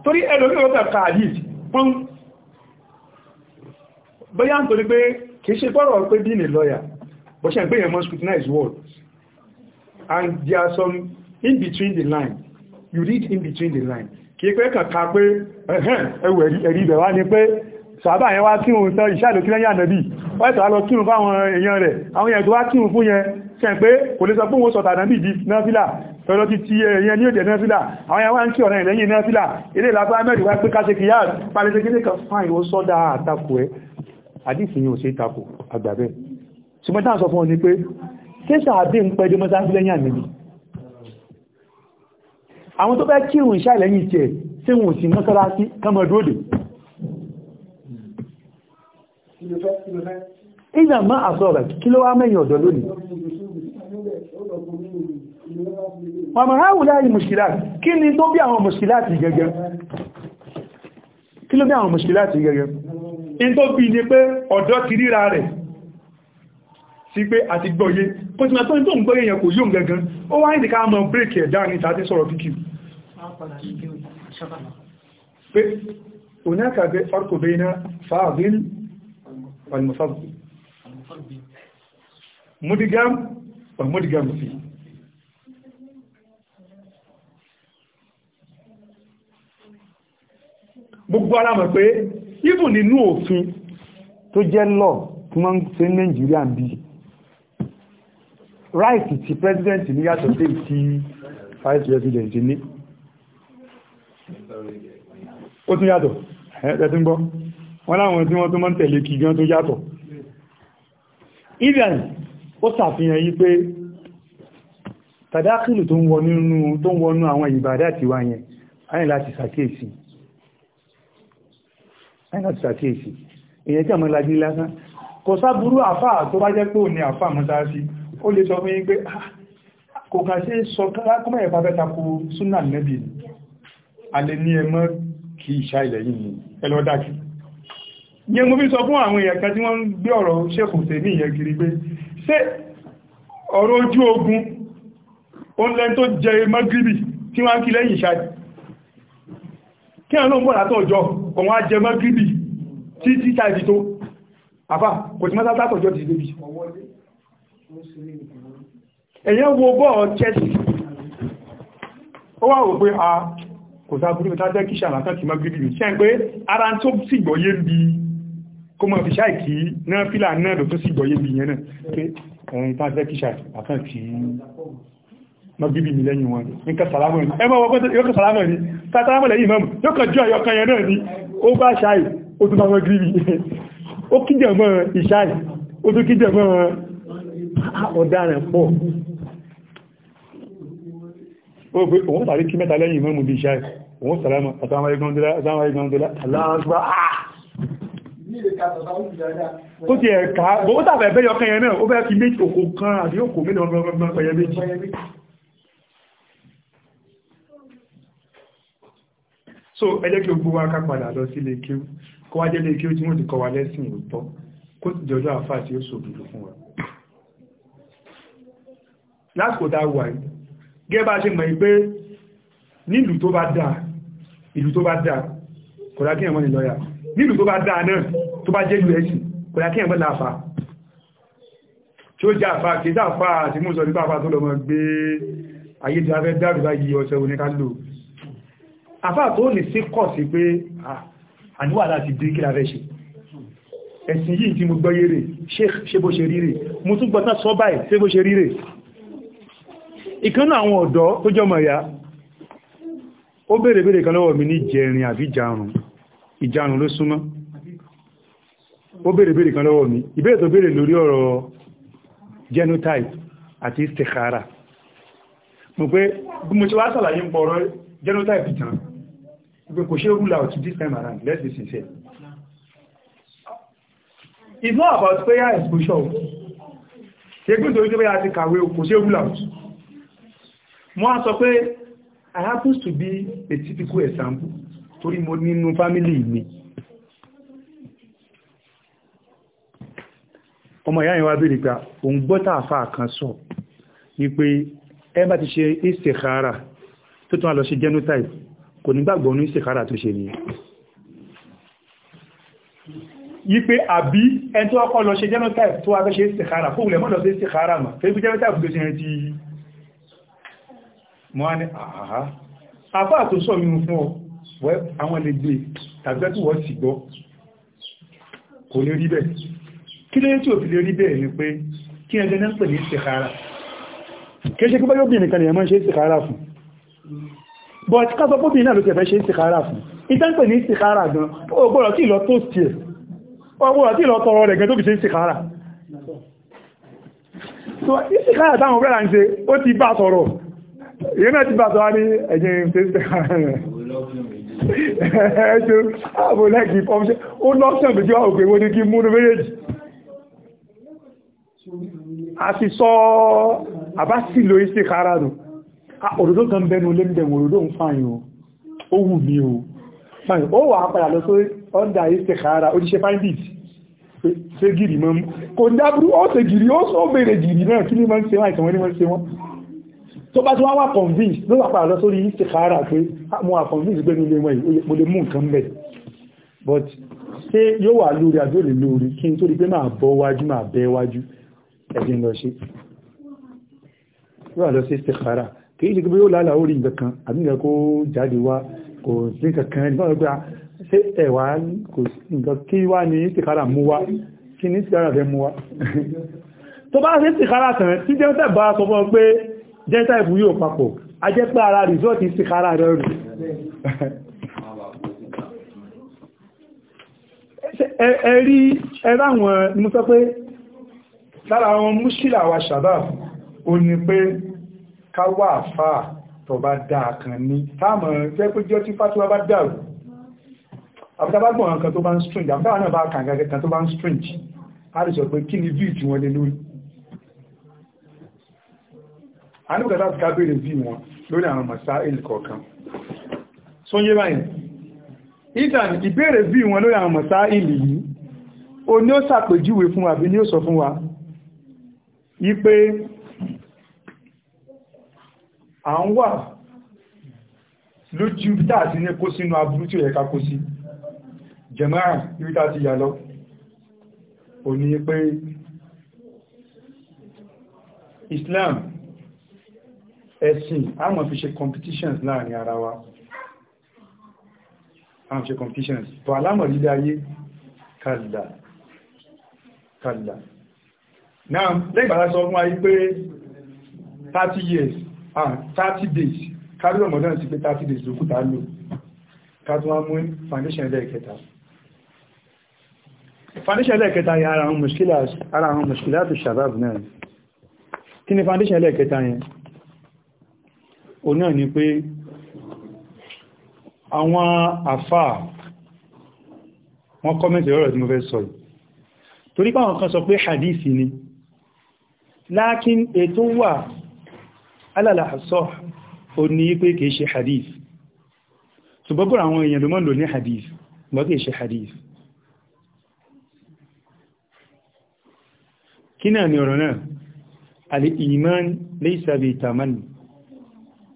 torí ẹlòmí ọ̀tà kàdìs fún bóyá ń torí pé kìí ṣe bọ́rọ̀ pé being a lawyer but ṣe gbéyàn mọ́ scrutinize word and there are some in between the line you read in between the line kìí pé kàkà pé ẹ̀rí ibẹ̀ wá ní pé sàbà yẹn wá tí òun sọ ìṣàlò kí lẹ́yìn ànàbì wọ́ẹ̀tọ̀ lọ fáwọn èèyàn rẹ̀ àwọn èèyàn tó wá kírun fún yẹn ṣe pé kò lè sọ fún òun sọ̀tà ànàbì di náfílà pẹ̀lú ti ti ẹ̀yẹn ní òjẹ̀ nẹ́fílà àwọn yàwó ń kí ọ̀rẹ́ ìlẹ́yìn nẹ́fílà ilé ìlàpá mẹ́rin wá pé káṣe kìyà pàlẹ́sẹ̀ kí ní kan fáìn ó sọ́dá àtakò ẹ̀ àdífì yóò ṣe takò àgbàbẹ́ ṣùgbọ́n tá à ń sọ fún ọ ni pé kéṣà àbí ń pẹ́ jọmọ́ sáà lẹ́yìn àmìlì àwọn tó bẹ́ kírun ìṣà lẹ́yìn tiẹ̀ tí wọn ò sì mọ́sálásí kọmọ dúródè ìgbà má àsọ̀rọ̀ kí ló wá mẹ́yìn ọ̀dọ́ lónìí Màmà áwù láàrin mùsùlùmí, kí ni tó bí àwọn mùsùlùmí gẹ́gẹ́? Kí ló bí àwọn mùsùlùmí gẹ́gẹ́? In tó bí ní pé ọ̀dọ́ ti ríra rẹ̀ sí pé àti gbọ́yé, kó ti máa tó ń tó ń gbọ́yé yẹn kò yóò gẹ́gẹ́, ó wá ní Mudigam, mahmud gamsi gbogbo ara mọ̀ pé ibù nínú òfin tó jẹ́ lọ tí wọ́n ń ṣe Nàìjíríà ń bí right ti president ní yàtọ̀ sí ti vice president ní ó tún yàtọ̀ ẹ̀ẹ́dẹ̀ tí ń bọ́ wọ́n láwọn tí wọ́n tó mọ́ tẹ̀lé kí gan tó yàtọ̀ even ó sàfihàn yí pé tàdákìlù tó ń wọnú àwọn ìbàdá àti wá yẹn ayìn láti sàkíyèsí èyàn tí àmọ́ ìlàjí lásán kò sáburú àfáà tó bá jẹ́ pé ò ní àfáà mọ́sáàsí ó lè sọ fún yí pé ah, kò kà sí sọ kọ́mọ̀ ẹ̀fà fẹ́ takú súnà nẹ́bì alẹ́ ní ẹmọ́ kí ṣe ọ̀rọ̀ ojú ogun ó ń lẹ́n tó jẹ mọ́gíríbì tí wọ́n kí lẹ́yìn ìṣáì kí àwọn olóòmọ́ látọ̀ ọjọ́ ọ̀wọ́n á jẹ mọ́gíríbì tí tí tàbí tó àbá kò tí mọ́sá látọ̀ ọjọ́ ti débi ẹ̀yẹ́ wo bọ́ chelsea ó wà wò pé a ah, kò sá burú mẹ́ta jẹ́ kíṣà látàkì mọ́gíríbì ṣẹ́ pé ara tó sì gbọ́ kó mọ̀ fi ṣáì kí náà fílà náà ló tún sì gbọ́yé bí yẹn náà pé ẹ̀yìn tán fẹ́ kí ṣáì àkàn kí mọ́gbíbì mi lẹ́yìn wọn nǹkan sàlámù ní ẹmọ́ wọ́n yóò kàn sàlámù ní sàtàlámù lẹ́yìn mọ́mù yóò kàn jọ ọ̀yọ̀kan yẹn náà ní ó bá ṣáì ó tún bá wọn gírí ó kíjẹ̀ mọ́ ìṣáì ó tún kíjẹ̀ mọ́ ọ̀daràn pọ̀ ó gbé òun tàbí kí mẹ́ta lẹ́yìn mọ́mù bí ìṣáì òun sàlámù àtàwọn ẹgbẹ́ ó ti ẹ̀ka gbogbo tàbí ẹ̀bẹ́ yọ kẹyẹ náà ó bẹ́ fi méjì òkò kan àbí òkò mẹ́lẹ̀ ọgbọ̀n pẹ̀yẹ méjì so ẹjẹ́ kí gbogbo wa ká padà lọ sí ilé kí kó wá jẹ́ ilé kí ó tí wọ́n ti kọ́ wa lẹ́sìn ìrùtọ́ kó sì jọjọ́ àfà tí ó sòdòdò fún wa lásìkò tá wà yìí gẹ́ bá ṣe mọ̀ pé nílùú tó bá dáa ìlú tó bá dáa kò dá kí ẹ̀mọ́ ni lọ́yà nílùú tó bá dáa náà tó bá jẹ́ us kò yá kí ẹ̀gbọ́n láàfà tí ó jẹ́ àfà kì í sáfà àti mú sọ nípa àfà tó lọ mọ́ gbé ayé tí a fẹ́ bá yí ọ̀sẹ̀ òní àfà tó lè sí kọ̀ sí pé àníwà láti dí kí la fẹ́ ṣe ẹ̀sìn yìí tí mo gbọ́ yé rè ṣe bó ṣe ríre mo tún gbọ́tá sọ báyìí ṣe bó ṣe ríre ìkánná àwọn ọ̀dọ́ tó jọmọ̀ ya ó bèèrè bèèrè kan lọ́wọ́ mi ní jẹrin àbí jarun ìjánu ló súnmọ́ ó béèrè béèrè kan lọ́wọ́ mi ìbéèrè tó béèrè lórí ọ̀rọ̀ genotype àti istikhara mo pé bí mo ṣe wá sàlàyé ń pọ̀ ọ̀rọ̀ genotype tán pé kò ṣe rule out this time around let's be sincere it's not about prayer exposure ṣegbín torí pé a ti kàwé kò ṣe rule out mo á sọ pé I happens to be a typical example torí mo nínú fámílì mi ọmọ ìyá ìwà bèèrè pé òun gbọ́ta àfà kan sọ wípé ẹ bá ti ṣe istikhara tó tún àlọ́ ṣe genotype kò ní gbàgbọ́ ní istikhara tó ṣe nìyẹn yípe àbí ẹn tó ọkọ̀ lọ ṣe genotype tó wá ṣe istikhara fún ilẹ̀ lọ sí istikhara mà fẹ́ bí genotype tó ṣe rẹ̀ ti mọ́ á ní àhàhà àfà tó mi fún ọ àwọn lè gbé tàbí tí wọ́n sì gbọ́ kò lè rí bẹ́ẹ̀ kí lè tí ò fi lè rí bẹ́ẹ̀ ni pé kí ẹgbẹ́ náà pè ní ìsìkára kéṣe kí báyọ́ bìnrin kan ìyàmọ́ ṣe ìsìkára fún but ká sọ pé bìnrin náà ló tẹ̀fẹ́ ṣe ìsìkára fún ìtẹ́ǹpẹ̀ ní ìsìkára gan ó gbọ́dọ̀ tí lọ tó sí ẹ̀ ó gbọ́dọ̀ tí lọ tọrọ rẹ̀ gan tó so ìsìkára táwọn ọ̀rẹ́ ń ṣe ó ti bá sọ̀rọ̀ ìyẹn náà ti bá sọ̀rọ̀ ní ẹ̀ẹ́dọ́ ààbò lẹ́gì fọ́nṣẹ́ ó lọ́sàn méjì wà òkè wọ́n ní kí múnú méjèèjì a ti sọ àbá sí lo isi kára nù òdòdó kan bẹnu lé mẹ́dẹ̀ òdòdó ń fàyìn ó wù mí o fàyìn ó wà padà lọ sí ọ́ndà isi kára ó ti ṣe findit ṣe gìrì mọ́ kò dábúrú ó ṣe gìrì ó sọ bèèrè gìrì náà kí ni máa ń ṣe wọ́n àìsàn wọ́n ní tó bá tí wọ́n wà convince ló wàpá lọ sórí istikhara pé ah, mo wà convince pé nílé wọ́n yìí mo lè mú nǹkan bẹ̀ but ṣé yóò wà lórí àjò lè lórí kí n tó rí pé máa bọ́ wájú máa bẹ́ wájú ẹ̀jẹ̀ lọ ṣe yóò wà lọ sí istikhara kì í ṣe pé yóò lálàá orí nǹkan kan àbí nǹkan kó jáde wá kò sí nǹkan kan ẹni báwọn gbà ṣé ẹ̀wà kò sí nǹkan kí wá ní istikhara mú wá kí ní istikhara fẹ́ mú wá <laughs> tó bá ṣe istikhara tán tí jẹ́ tẹ̀ bá sọ fún ọ pé dẹ́ta ìbú yóò papọ̀ a jẹ́ pé ara rìsọ́ọ̀tì sí kára rẹ̀ rù ẹ̀rí ẹ̀rá àwọn mú sọ pé lára àwọn múṣílà wa ṣàbá o ní pé ká wà fáà tó bá dáa kan ní táàmọ̀ jẹ́ pé jẹ́ tí fátúwá bá dàrú àbútábágbọ̀n kan tó bá ń strange àbútáwà náà bá kàǹgà kan tó bá ń strange a lè sọ a ní kọ̀tà ká bèèrè bí wọn lórí àwọn masá ìlkọ̀ọ̀kan sóyé báyìí ìtàn ìbéèrè bí wọn lórí àwọn masá ìlì yìí o ní ó sàpèjúwe fún wa bí ní ó sọ fún wa yí pé à ń wà lójú dáàtí ní kó sínú aburú tí ó yẹ ká kó sí Islam ẹ̀sìn àmọ̀ fi ṣe competitions láàrin ara wa àmọ̀ ṣe competitions tó alámọ̀ lílé ayé kàlà kàlà náà lẹ́yìn bàtà sọ fún wa pé 30 years ah 30 days kárí ọmọdé sí pé 30 days lókúta lò kátún wá mú foundation ẹlẹ́ẹ̀kẹta foundation ẹlẹ́ẹ̀kẹta yẹn ara àwọn mùsùlùmí àti shabab náà kí ni foundation ẹlẹ́ẹ̀kẹta yẹn o náà ni pé àwọn àfà wọ́n kọ́mẹ́ntì ọ̀rọ̀ tí mo fẹ́ sọ yìí torí pàwọn kan sọ pé hadisi ni lákín ètò wà alàlàásọ́ o ní pé kìí ṣe hadisi ṣùgbọ́gbọ́n àwọn èèyàn ló mọ́ lò ní hadisi bọ́ kìí ṣe hadisi kí náà ni ọ̀rọ̀ náà al-iman laysa bi tamanni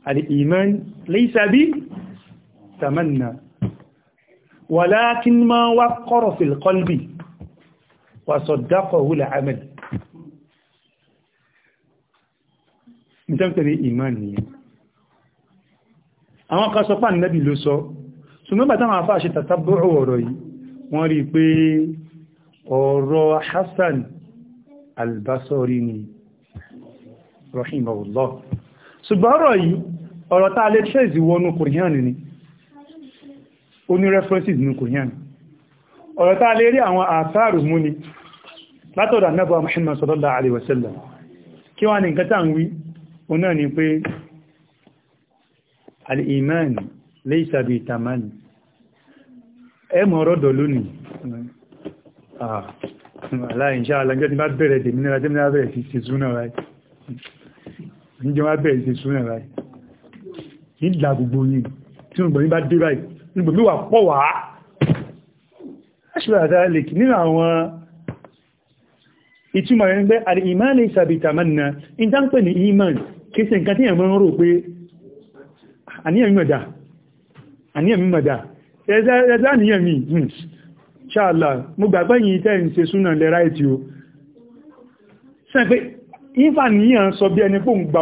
الإيمان ليس بتمنى ولكن ما وقر في القلب وصدقه العمل nítorí ìmán ni àwọn kan sọ pàà nẹ́bì ló sọ ṣùgbọ́n bàtà àwọn afáà ṣe tàtàbọ̀rọ̀ ọ̀rọ̀ yìí wọ́n rí pé ọ̀rọ̀ Hassan al ni rahimahullah ṣùgbọ́n ọ̀rọ̀ yìí ọ̀rọ̀ tá a lè trace wọnú Kùránì ni ó ní references ní Kùránì ọ̀rọ̀ tá a lè rí àwọn àtàrù mú ni látọ̀dọ̀ Ànábì Muhammad sallallahu alaihi wasallam kí wá ní nǹkan tá ń wí o náà ni pé al-iman laysa bi tamanni ẹ mọ̀ ọ̀rọ̀dọ̀ lónìí aláìṣẹ́ alájọ́ ti bá súnà ráì ìlà gbogbo yìí tí wọ́n gbọ̀nyí bá dé báyìí nígbòmí wà pọ̀ wá aṣíwàtà lèkì nínú àwọn ìtumọ̀ rẹ̀ nígbẹ́ àrí ìmáàlì ìsàbìtà mọ́nà ìdánpẹ̀ ní iman kéèsì nǹkan tí ẹ̀mọ́ rò pé àníyàn mọ̀dá ẹ̀ẹ́sẹ́ àníyàn hmm. mo gbàgbọ́ yìí tẹ́ ń ṣe súnà lẹ́ra ìtì o sẹ́ pé ìfàníyàn sọ bí ẹni pò ń gba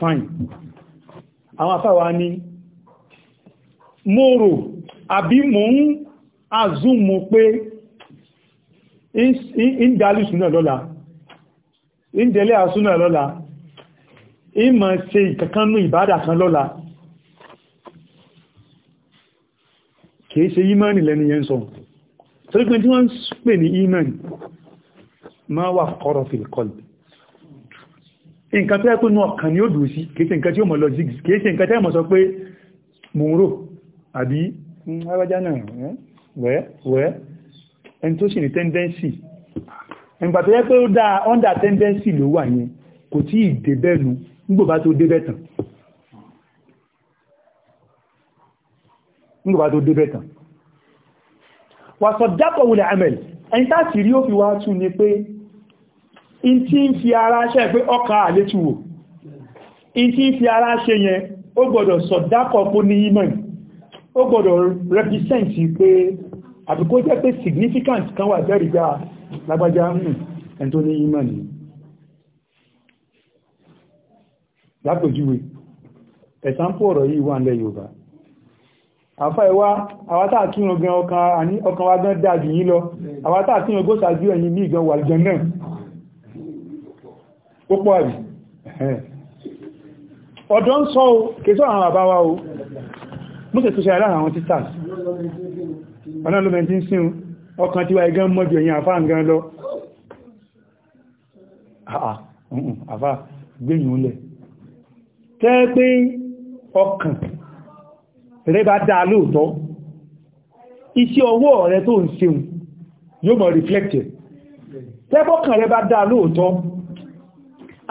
fine àwọn afáwa ni mo rò àbí mo ń azúmù pé ìdálùsùnà lọ́la ìdẹ̀lẹ́ àsúnà lọ́la ìmọ̀ ṣe ìkankanú ìbádà kan lọ́la kìí ṣe ìmọ̀nì lẹ́ni yẹn sọ torípé tí wọ́n ń pè ní ìmọ̀nì máa wà kọ́rọ̀ fìlkọlù nǹkan tó yẹ pé inú ọkàn ni ó dùn sí kìí ṣe nǹkan tí ó mọ̀ lọ sí kìí ṣe nǹkan tí ẹmọ̀ sọ pé mò ń rò àbí mm, arájá náà wẹ́ wẹ́ ẹni tó sì ní tẹ́ndẹ́nsì ìgbà tó yẹ pé ó dáa ọ́ndà tẹ́ndẹ́nsì ló wà yẹn kò tí ì débẹ̀nu nígbòbá tó débẹ̀ tán nígbà dápọ̀ wulẹ̀ amẹ̀lì ẹni tá in tí ń fi ara ṣe pé ọkà àlétúwò in tí ń fi ara ṣe yẹn ó gbọ́dọ̀ sọ̀dákọ̀ kó ní imọ̀ ó gbọ́dọ̀ represent pé àbíkó jẹ́ pé significant kan wà jẹ́rìí gbá ah, lágbájá mú ẹn tó ní imọ̀ ni lápòjúwe ẹ̀sánpò ọ̀rọ̀ yìí wà nílẹ̀ Yorùbá àfá ìwá àwátà tí ó gan ọkàn wa gan dájú yìí lọ àwátà tí ó gbóṣàjú ẹ̀yìn ní ìgan wà gan náà púpọ̀ àbí ọ̀dọ́ ń sọ o kèsọ́ àwọn bàbá o mú sì túnṣe aláhà àwọn títà ọ̀nà ló mẹ́tí ń sín ọkàn tí wà igán mọ́jú ẹ̀yìn àfá ǹgan lọ àfá gbẹ̀yìn olẹ̀ tẹ́ pé ọkàn rẹ bá dáa lóòtọ́ iṣẹ́ ọwọ́ rẹ tó ń ṣeun yóò mọ̀ reflected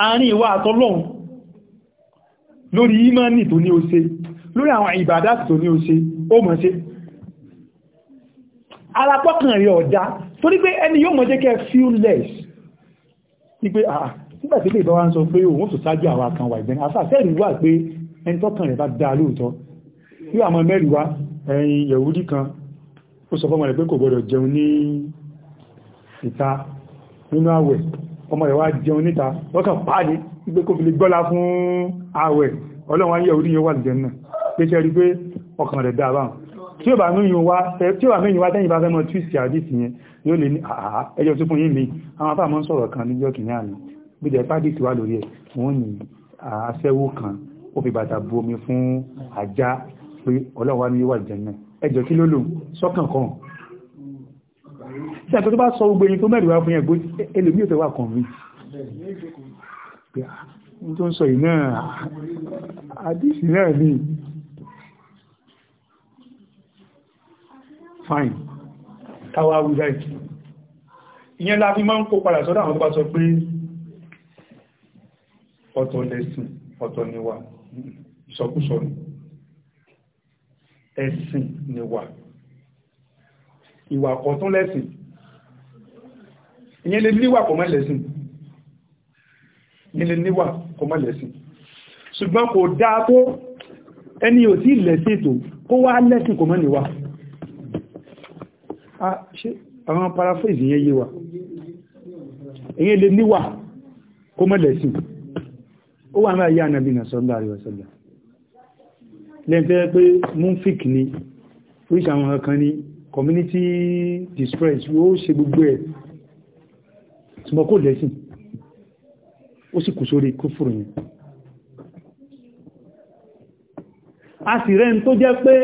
àárín ìwà àtọ́lọ́hun lórí ìmánì tó ní ó ṣe lórí àwọn ìbàdá tó ní ó ṣe ó mọ̀ ṣe alápọ́kàn rẹ̀ ọ̀dá torí pé ẹni yóò mọ̀ jẹ́ kẹ́ feel less ní pé àà ah, nígbàtí lè bá wá ń sọ pé òun tó sáájú àwọn kan wà ìgbẹ̀ni àfàṣẹ́rì wà pé ẹni tọ́kàn rẹ̀ bá dá lóòtọ́ yóò àmọ́ mẹ́rin wá ẹ̀yìn yẹ̀wúdí kan ó sọ fọ́mọ rẹ̀ pé kò gbọdọ̀ jẹun nínú àwẹ̀ ọmọ rẹ̀ wá jẹun níta lọ́kàn pàdé wípé kó fi lè gbọ́lá fún ààwẹ̀ ọlọ́run ayé orí yóò wà lùjẹ́ náà pé ṣe rí pé ọkàn rẹ̀ dáa báwọn tí ó bá mẹ́yìn wá tẹ́yìn bá fẹ́ mọ́ twist àdìsí yẹn yóò lè ní àhá ẹjọ́ tó fún yín mi àwọn afá mọ́ sọ̀rọ̀ kan níjọ́ kìíní àná bí jẹ́ pàdìsí wà lórí ẹ̀ wọ́n ní aṣẹ́wó kan ó fi bàtà bu omi fún ajá pé ọlọ́run wá ní wà lùjẹ́ náà ẹjọ́ kí ló lò sọ́kàn kan ṣẹ́gbẹ́ tó bá sọ gbogbo ẹni tó mẹ́rin wá fún ẹgbẹ́ ẹlòmí ò fẹ́ wà kàn mí ní tó ń sọ yìí náà náà ní fine káwàá wùdá ìkì ìyẹn láti máa ń kó padà sọ́dọ̀ àwọn tó bá sọ pé ọ̀tọ̀ lẹ́sìn ọ̀tọ̀ ni wà ìsọkúsọ ni ẹ̀sìn ni ìwà kọ̀tún lẹ́sìn ìyẹn lè níwà kò mọ́ lẹ́sìn ìyẹn lè níwà kò mọ́ lẹ́sìn ṣùgbọ́n kò dáa tó ẹni ò tí lẹ́sìn ètò kó wá lẹ́sìn kò mọ́ níwà àwọn paraphrase yẹn yíwa ìyẹn lè níwà kò mọ́ lẹ́sìn ó pé múnfík ni oríṣi àwọn kan community distress yóò ṣe gbogbo ẹ̀ ṣùgbọ́n kò lẹ́sìn ó sì kù sórí kúfùrù yẹn a sì rẹ́ni tó jẹ́ pé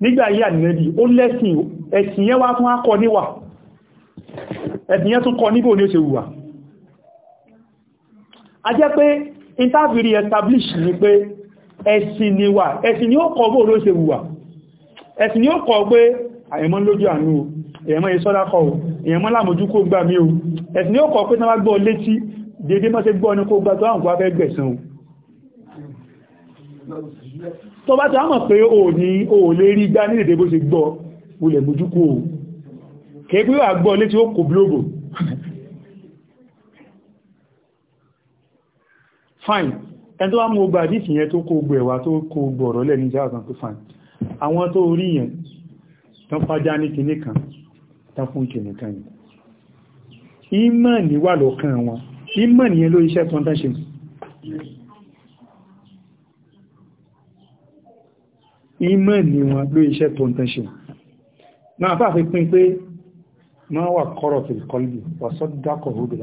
nígbà yí ànìyàn ó lẹ́sìn ẹ̀sìn yẹn wá fún akọ níwà ẹ̀sìn yẹn tún kọ níbò ní ó ṣe wùwà a jẹ́ pé interview establish ni pé ẹ̀sìn ni wà ẹ̀sìn ni ó kọ bó ló ṣe wùwà ẹ̀sìn ni ó kọ pé àyẹ̀mọ́ lójú àánú o èyẹ̀mọ́ ìṣọ́lá kọ o èyẹ̀mọ́ lámojú kó gbà mí o ẹ̀sìn ni ó kọ pé tán bá gbọ́ létí dédé mọ́ sí gbọ́ ní kó gbà tó àwọn kò fẹ́ gbẹ̀sán o tó bá o ní o lè rí gbá ní èdè bó ṣe gbọ́ o létí <laughs> fine ẹni tó wá mú ogbà àdísì yẹn tó kó ogbò ẹ̀wà tó kó ogbò ọ̀rọ̀ lẹ́ni jẹ́ àtàn tó fàn àwọn tó rí yẹn tán fájá ní kinní kan tán fún kinní kan yìí ìmánì wà lọ́kàn wọn ìmánì yẹn ló iṣẹ́ tó ń tán ṣe ìmánì wọn ló iṣẹ́ tó ń tán ṣe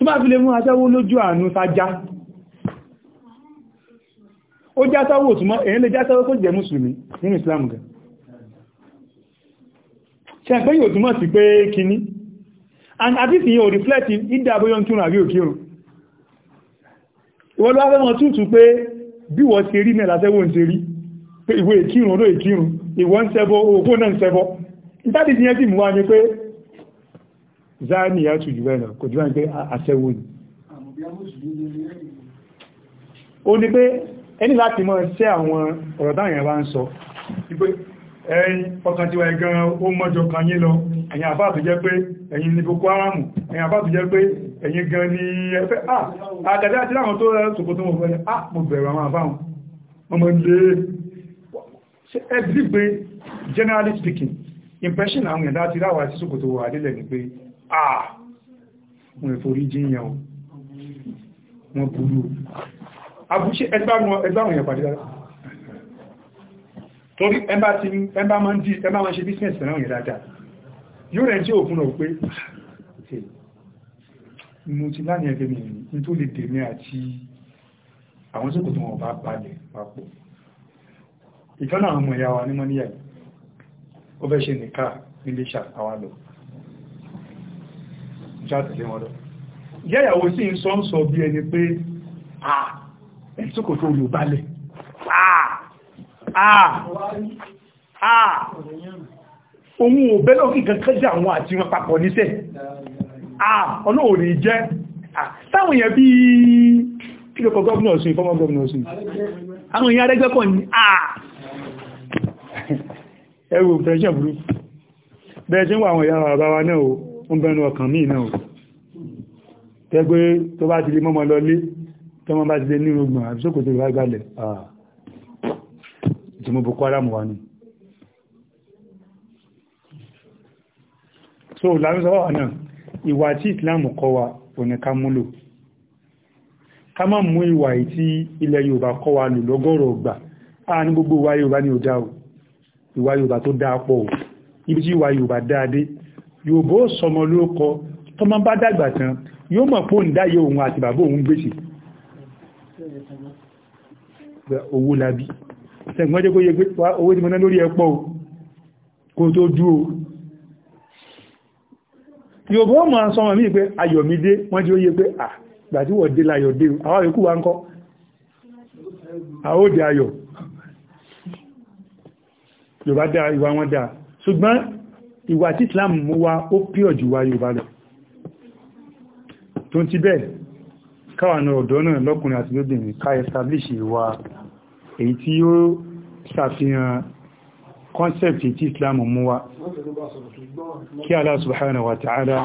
tó bá fi lè mú aṣẹ́wó lójú àánú sájá ó jásáwò òtùmọ́ èyàn lè jásáwò kó jẹ mùsùlùmí nínú Islam gan ṣe ẹ̀pẹ́ yóò túmọ̀ sí pé kíní and at least yóò reflect ìdàbóyọ́ túnrà bí òkírùn ìwọ́n lọ́wọ́ fẹ́mọ̀ tútù pé bí wọ́n ti rí mẹ́lá sẹ́wọ́n ti rí pé ìwé ìkírùn olóòkírùn ìwọ́n ń sẹ́bọ́ òkú náà ń sẹ́bọ́ ìtàdìsíyẹ́ sì mú wa ní pé záàmì yà tù jù bẹ́ẹ̀ náà kò jù báyìí pé àṣẹwò ni ó ní pé ẹni láti mọ́ ṣẹ́ àwọn ọ̀rọ̀ táyẹ̀ bá ń sọ wípé ẹ̀yin ọkàn tí wà ẹ̀gan ó mọ́jọ kan yín lọ ẹ̀yin àbá tó jẹ́ pé ẹ̀yin ní Boko Haram ẹ̀yin àbá tó jẹ́ pé ẹ̀yin gan ni ẹfẹ́ ah, àtàdé àti láwọn tó rẹ̀ sòkò tó mọ̀ Ah, mo bẹ̀rù àwọn àbáhùn ọmọ ilé ẹbí pé generally speaking impression àwọn ẹ̀dá ti ráwà sí sòkò tó wà nílẹ̀ ni pé àà ah. wọn ìforí jíyàn o wọn burú abúṣe ẹgbàwọn èèyàn pàdé dára torí ẹmbá máa ń dí ẹmbá máa ń ṣe business pẹ̀lú àwọn ìrádà yóò rẹ̀ tí òkun náà pé ah, mo ti láni ẹgbẹ́ mi ní tó lè dèmí àti àwọn tó kò tó wọn bá balẹ̀ papọ̀ ìtọ́nà àwọn ọmọ ìyá wa ní mọ́ níyà ó fẹ́ ṣe nìka níléṣà àwa lọ jáde lé wọn lọ yẹ́yàwó sí ń sọ ń sọ bí ẹni pé ah ẹni tó kò tó olù balẹ̀ ah ah ah òun ò bẹ́lọ́ kí kankan jẹ́ àwọn àti wọn papọ̀ níṣẹ́ ah ọlọ́wọ̀ ní jẹ́ táwọn èèyàn bí kí lọ́kọ̀ gọ́ọ̀nà sí fọ́mọ́ gọ́ọ̀nà sí àwọn èèyàn arẹ́gbẹ́kọ̀ ní ah ẹwù pẹ̀lú bẹ́ẹ̀ tí wọ́n àwọn èèyàn bàbá wa náà ń bẹnu ọkàn míì náà tẹ́gbé tó bá ti lè mọ́mọ́ lọlé tó mọ́ bá ti lè ní ogun àbísókò tó bá gbalẹ̀ ìtùmọ̀ boko haram so lárísọ́wọ́ ọ̀nà ìwà tí Islam kọ́ wa òní ká múlò ká má mú ìwà tí ilẹ̀ Yorùbá kọ́ wa lò lọ́gọ́rọ̀ ọgbà a ní gbogbo ìwà Yorùbá ni ò dá o ìwà Yorùbá tó dáa pọ̀ o tí ìwà Yorùbá dáadé yòòbó sọmọ lóókọ tọmọ bá dàgbà tán yóò mọ̀ pé òun dáyé òun àti bàbá òun gbèsè owó labi ṣẹ̀gbọ́n jẹ́ kó yẹ pé owó tí mo lórí ẹ̀pọ̀ kó tó dúó yòòbó ọmọ sọmọ mí pé ayọ̀mídé wọ́n tí yẹ pé à wọ́n dé láyọ̀dé àwọn wa ń kọ́ àwòdì ayọ̀ yóò bá dá ìwà wọn dáa ṣùgbọ́n ìwà tí islam mú wa ó píọ̀ jù wa Yorùbá lọ tó ń ti bẹ́ẹ̀ káwànà ọ̀dọ́ náà lọ́kùnrin àti lóbìnrin ká establish ìwà èyí tí ó ṣàfihàn concept tí islam mú wa kí Allah subhanahu wa ta'ala